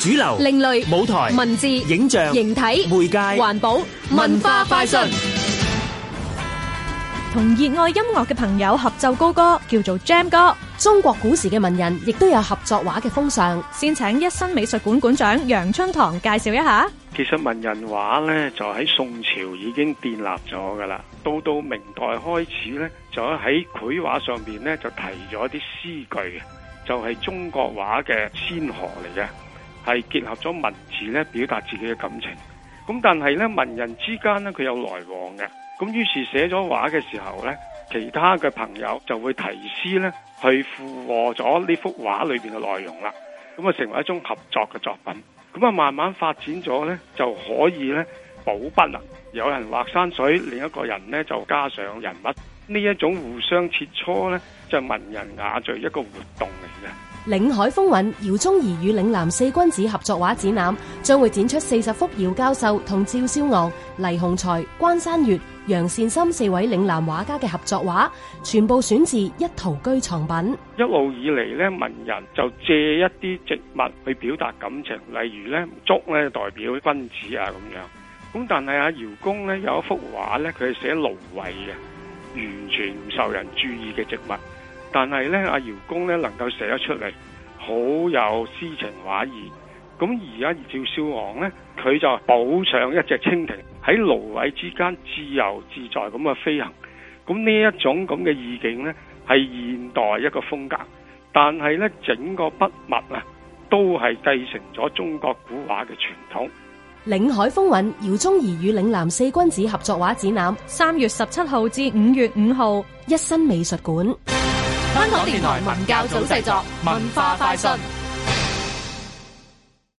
主流、另類舞台、文字、影像、形體、媒介、環保、文化快訊，同熱愛音樂嘅朋友合奏高歌，叫做 Jam 歌。中國古時嘅文人亦都有合作畫嘅風尚，先請一新美術館館長楊春堂介紹一下。其實文人畫咧就喺宋朝已經建立咗噶啦，到到明代開始咧就喺繪畫上邊咧就提咗啲詩句，就係中國畫嘅先河嚟嘅。係結合咗文字咧表達自己嘅感情，咁但係咧文人之間咧佢有來往嘅，咁於是寫咗畫嘅時候咧，其他嘅朋友就會題詩咧去附和咗呢幅畫裏邊嘅內容啦，咁啊成為一種合作嘅作品，咁啊慢慢發展咗咧就可以咧。保不能，有人畫山水，另一個人呢就加上人物，呢一種互相切磋呢，就係文人雅聚一個活動嚟嘅。嶺海風雲，姚宗儀與嶺南四君子合作畫展覽將會展出四十幅姚教授同趙少昂、黎雄才、關山月、楊善深四位嶺南畫家嘅合作畫，全部選自一陶居藏品。一路以嚟呢，文人就借一啲植物去表達感情，例如呢竹呢代表君子啊咁樣。咁但係阿姚公咧有一幅畫咧，佢係寫蘆葦嘅，完全唔受人注意嘅植物。但係咧阿姚公咧能夠寫得出嚟，好有詩情畫意。咁而家、啊、趙少昂咧，佢就補上一隻蜻蜓喺蘆葦之間自由自在咁嘅飛行。咁呢一種咁嘅意境咧，係現代一個風格。但係咧整個筆墨啊，都係繼承咗中國古畫嘅傳統。嶺海風韻，姚宗怡與嶺南四君子合作畫展覽，三月十七號至五月五號，一新美術館。香港電台文教組製作，文化快訊。